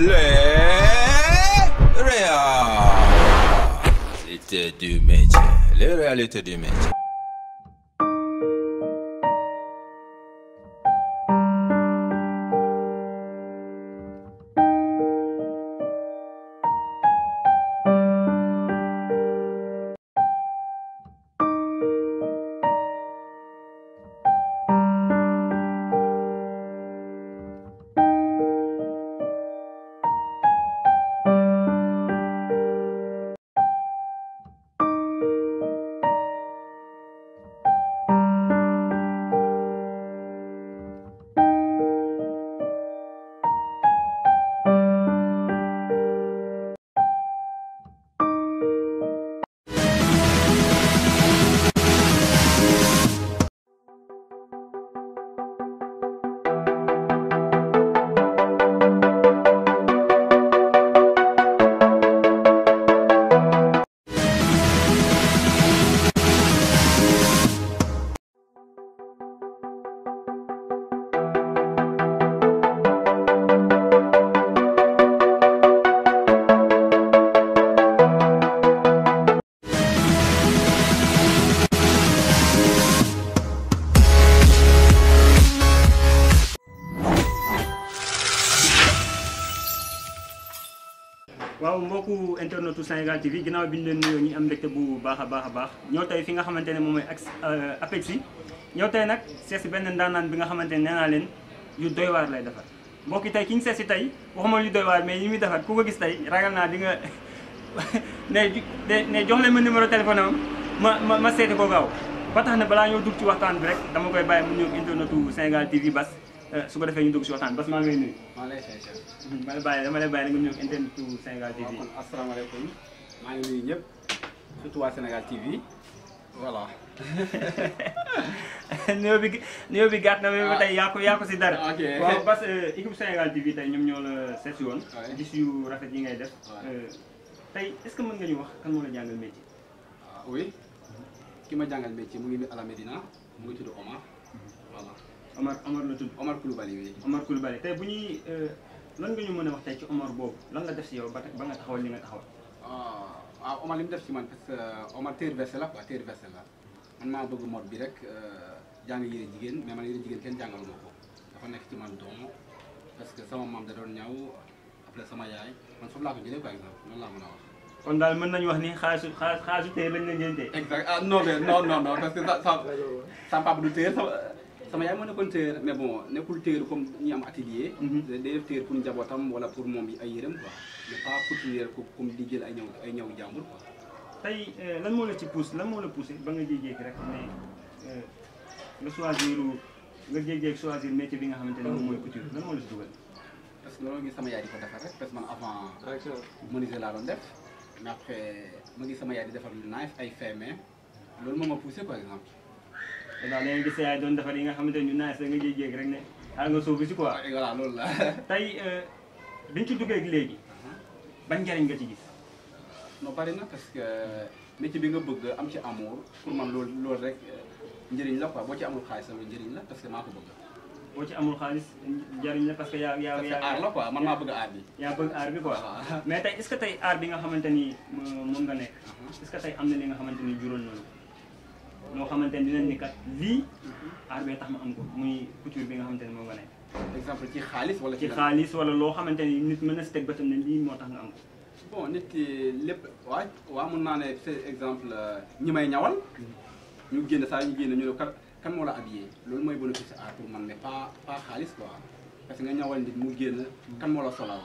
Le Real. Réalité du métier. Les réalités du métier. waaw mbokku internetu Sénégal TV ginnaaw bi ñu leen nuyoo ñu am mbégte bu baax a baax a baax ñoo tey fi nga xamante ne moom mooy euh, APECSY ñoo tey nag seet si benn ndaanaan bi nga xamante ne nee naa leen yu doy waar lay defar mbokki tey ki ñu seet si tey waxuma yu doy waar mais yi muy defar ku ko gis tey ragal naa di nga ne ne jox leen ma numéro téléphone am ma ma ma seeti ko gaaw ba tax balaa ñoo dugg ci waxtaan bi rek dama koy bàyyi mu ñëw internetu Sénégal TV bas su ko defee ñu dugg si waxtaan bas maa ngay nuyu. maa ngi lay fay Cheikh. ma lay bàyyi dama lay bàyyi rek nga ñëw intern tu Sénégal TV. waaw kon asalaamaaleykum maa ngi nuyu ñëpp surtout waa Sénégal TV voilà. nuyo bi nuyo ah. ya, ya, eh, bi gàtt na ba tey yàqu yàqu si dara. ok waaw bas équipe Sénégal TV tey ñoom ñoo la seet woon. gis yu rafet yi ngay def. tey est ce que mën nga ñu wax kan moo la jàngal métier. ah oui ki ma jàngal métier mu ngi ala Medina mu ngi tudd Omar. voilà. Hmm. Omar Omar la tudd Omar Koulibaly bi Omar Koulibaly tey bu ñuy euh, lan nga ñu mën a wax tey ci Omar boobu lan la def si yow ba ba nga taxawal li nga taxawal waaw ah, ah, Omar li mu def ci man parce que euh, Omar terversé la quoi terversé la man maa bëgg mode bi rek euh, jàng yére jigéen mais man yére jigéen kenn jàngalu ma ko dafa nekk ci man doom parce que sama maam da doon ñaw après sama yaay man foofu laa ko jëlee par exemple noonu laa mën a wax kon daal mën nañu wax ni xaalisu xaalisu téye sama yaay moo nekkoon téer mais bon nekkul téer comme ñi am atelier. Mhm. day def téer pour njabootam wala pour moom ay yërëm quoi mais pas coutumière comme di jël ay ñaw ay ñaw jàmbur quoi. tey euh, lan moo la ci pousse lan moo la poussé ba nga jékki-jékki rek mais euh, nga choisir nga jékki-jékki choisir métier bi nga xamante ne moom mooy couture lan moo la ci dugal. parce que loolu ngi sama yaay di ko defar rek parce que man avant. Ah, menuisier laa doon def. mais après ma ngi sama yaay di defar lu ay fermé loolu moo ma poussé par exemple. daal da nga gis yaay doon defar yi nga xamante ne rek ne xaaral nga sóobu si quoi. voilà loolu la. tey ci duggee léegi ban njariñ nga ci gis. non bari na parce que métier bi nga bëgg am ci amour pour man loolu loolu rek njëriñ la boo ci amul xaalis la loolu la parce que maa ko bëgg. boo xaalis jariñ la parce que yaa yaa yaa aar bëgg aar bi. mais tey est-ce bi nga xamante ni moom nga nekk. est-ce que am na li nga xamante ni juróon noonu loo xamante ne ni kat lii arbe tax ma am ko muy couture bi nga xamante ne moo nga nekk. exemple ci xaalis wala ci xaalis wala loo xamante eh, ne nit mën na si teg bëtam ne lii moo tax nga am ko. bon nit lépp waa waa mën naa ne exemple ñi may ñawal. ñu hmm. génn saa ñu génn ñu ne kan kan moo la habillé loolu mooy bonofice à pour ah, man mais pas pas xaalis quoi parce que nga ñawal nit mu génn eh. hmm. kan moo la solal.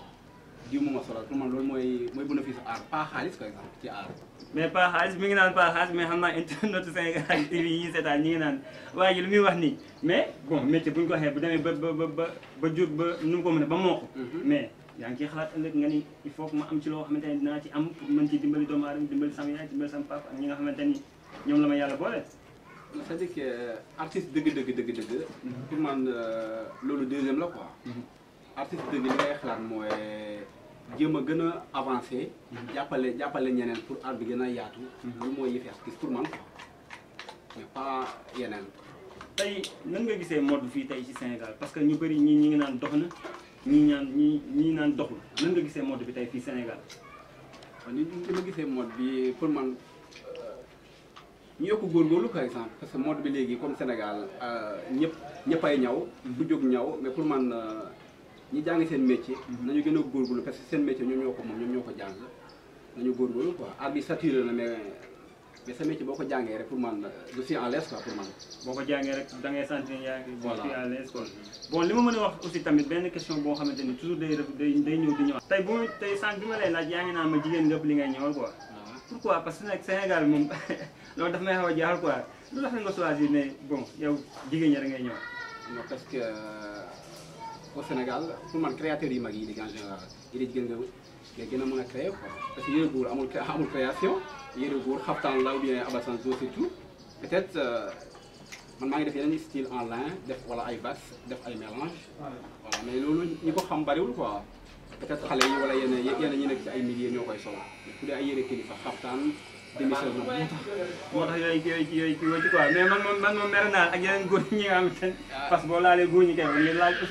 diw moom a solal pour man loolu mooy mooy bénéfice aar pas xaalis par exemple ci aar. mais pas xaalis mi ngi naan pas xaalis mais xam naa internet Sénégal TV yi seetaan ñi ngi naan waa ji lu muy wax nii mais bon métier bu ko waxee bu demee ba ba ba ba jur ba nu ko mën a ba moo ko mhm. mais yaa ngi ciy xalaat ëllëg nga ni il faut que ma am ci loo xamante ne dinaa ci am pour mën ci dimbali doomu aadama dimbali sama yaay dimbali sama papa ak ñi nga xamante ni ñoom la ma yàlla boole. c'est-à-dire que artiste dëgg mhm. euh, loolu deuxième la artiste dëgg li ngay xalaat mooy jéem a gën a avancé. jàppale jàppale ñeneen pour art bi gën a yaatu. lu mooy yëfi artiste pour man mais pas yeneen. tey nan nga gisee mode fii tey ci Sénégal parce que ñu bëri ñii ñi ngi naan dox na ñii ñaan ñii ñii naan doxul nan nga gisee mode bi tey fii Sénégal. waaw ñun li ma gisee mode bi pour man euh, ñu yokk góorgóorlu par exemple parce que mode bi léegi comme Sénégal euh, ñëpp ñëppay ñaw. Mm-hmm. ñaw mais pour euh, ñi jàng seen métier nañu gën a góorgóorlu parce que seen métier ñoom ñoo ko ñoom boo ko jàngee rek pour man je suis à l'aise quoi pour rek da ngay sentir yaa ngi li ma mën a wax aussi tamit benn question boo xamante ni toujours day day day ñëw di ñëw tey bu li ngay ñëwal quoi pourquoi parce que a jaaxal quoi lu tax nga ñi da ngay ñëw non parce que au Sénégal pour man créateurs yu mag yi léegi en général yére jigéen nga nga gën a mën a créer quoi parce amour création, il y a création yére góor xaftaan la ou bien abasan et tout. peut être man maa ngi un style en lin des wala ay basse def ay mélange voilà mais nous, nous, ñi ko xam bariwul quoi peut être xale yi wala yenn yenn ñi nekk ci ay milliers ñoo koy sol mais ku dee ay yére kilifa xaftaan démissionné moo tax moo tax yooyu yooyu yooyu kii woo ci quoi mais man moom man ak yeneen nga xamante ah.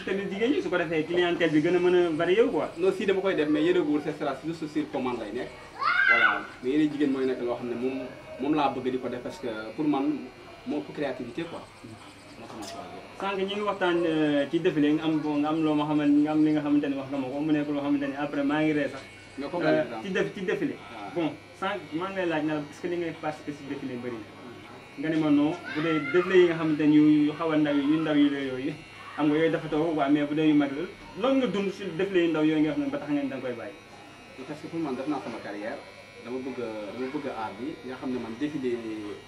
ñi defee clientèle bi gën a mën a varié quoi non si dama jigéen mooy nekk xam ne moom moom laa bëgg di ko def parce que pour man moo ëpp créativité quoi sànq ñi ngi waxtaan euh, ci défilé nga am nga am loo nga am li nga xamante ne wax nga ma ko mu nekk loo xamante ne après maa ngi ree sax euh, ci def ah. bon sànq maa ngi lay laaj na est li ngay participé si défilé bëri nga ne ma non bu dee défilé yi nga xam ne yu xaw a ndaw yu ndaw yi la yooyu xam nga yooyu dafa mais bu mag la loolu nga dund si défilé yu ndaw yooyu nga xam ne ba tax ngeen da nga koy bàyyi parce que pour man def naa sama carrière dama bëgg dama bëgg aar bi nga xam ne man défilé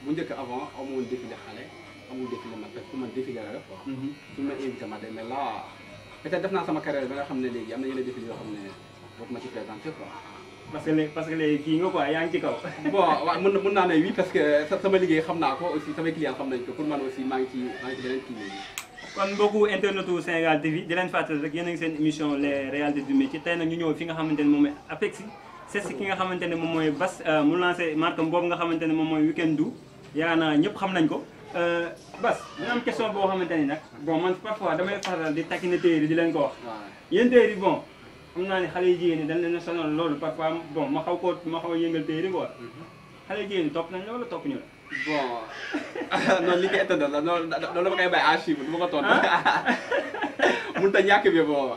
bu njëkk avant amoon défilé xale amul défilé mag parce que man défilé la def quoi mhm. suñu ma invité ma dem mais def naa sama carrière ba nga xam ne léegi am na yeneen défilé yoo xam ne boobu ma ci présenté parce que léegi parce que léegi kii nga quoi yaa ngi ci kaw. bon waaw mën naa ne oui parce que sama liggéey xam naa ko aussi samay client xam nañ ko pour man aussi maa ngi ci beneen kii kon mbokku internetu Sénégal TV di leen fàttali rek yéen a ngi seen émission les réalités du métier tey nag ñu ñëw fi nga xamante ne moom mooy APEXI seet si ki nga xamante ne moom mooy Bass euh, mu lancé marque ne moom mooy Weekend Do yaakaar naa xam nañ ko euh, Bass dina boo xamante ni nag bon man parfois damay faral di taquiner téere di leen ko wax yéen téere xam naa ne xale yu jigéen ñi dañ leen a sonal loolu parfois bon ma xaw koo ma xaw a yëngal téere quoi xale yu jigéen ñi topp nañ loolu topp ñu la. bon noonu li nga étonné la noonu loolu ma koy bàyyi à chiffre du ma ko tontu. Ah? mënut a ñàkk bi booba.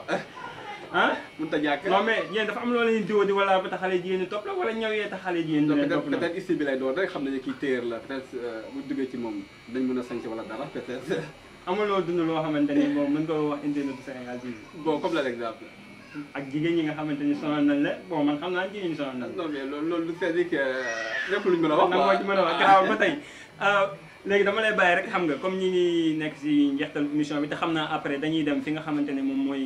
ah mënut a ñàkk. non mais yéen dafa am loo leen di di wala ba tax xale jigéen ñi topp la wala ñaw yee tax xale jigéen ñi. leen topp la peut-être ici bi lay doon rek xam nañu kii téer la peut-être euh, bu duggee ci moom dañ mën a sañ wala dara peut-être. amuloo dund loo xamante ne moom mën nga wax internet Sénégal bi. bon comme la l'exemple ak jigéen ñi nga xamante ni sonal nañ la bon man xam naa jigéen ñi sonal nañ la. non mais loolu loolu c'est-à-dire que lépp luñ mën a wax. waaw moo ci mën a wax gannaaw ba tey. léegi dama lay bàyyi rek xam nga comme ñi ngi nekk si njeextal émission bi te xam naa après dañuy dem fi nga xamante ne moom mooy.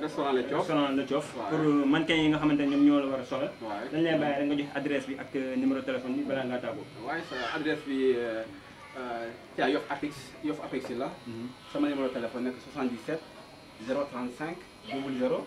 restaurant Le Thiof restaurant Le Thiof. pour mannequin yi nga xamante ne ñoom ñoo la war a soxla. dañ lay bàyyi rek nga joxe adresse bi ak numéro téléphone bi balaa ngaa tàggoo. waaye sa adresse bi ca Yoff Apix Yoff Apix la. sama numéro téléphone nekk 77 035 00.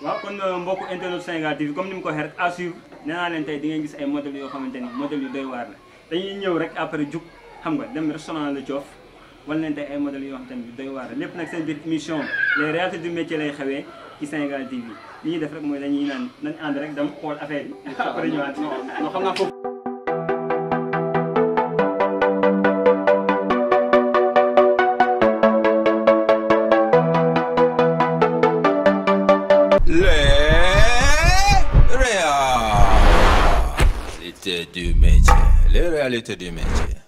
waaw kon euh, mbokk internet Sénégal TV comme ni mu ko waxee rek suivre nee leen tey di gis ay modèles yoo xamante ni modèles yu doy waar la dañuy ñëw rek après jug xam nga dem restaurant la coof wala leen tey ay modèles yoo xamante ni doy waar la lépp nag seen biir émission les réalités du métier lay xewee ci Sénégal TV li ñuy def rek mooy dañuy naan nañ ànd rek dem xool affaire yi ah, ñëwaat non xam naa foofu du métier, les réalités du métier.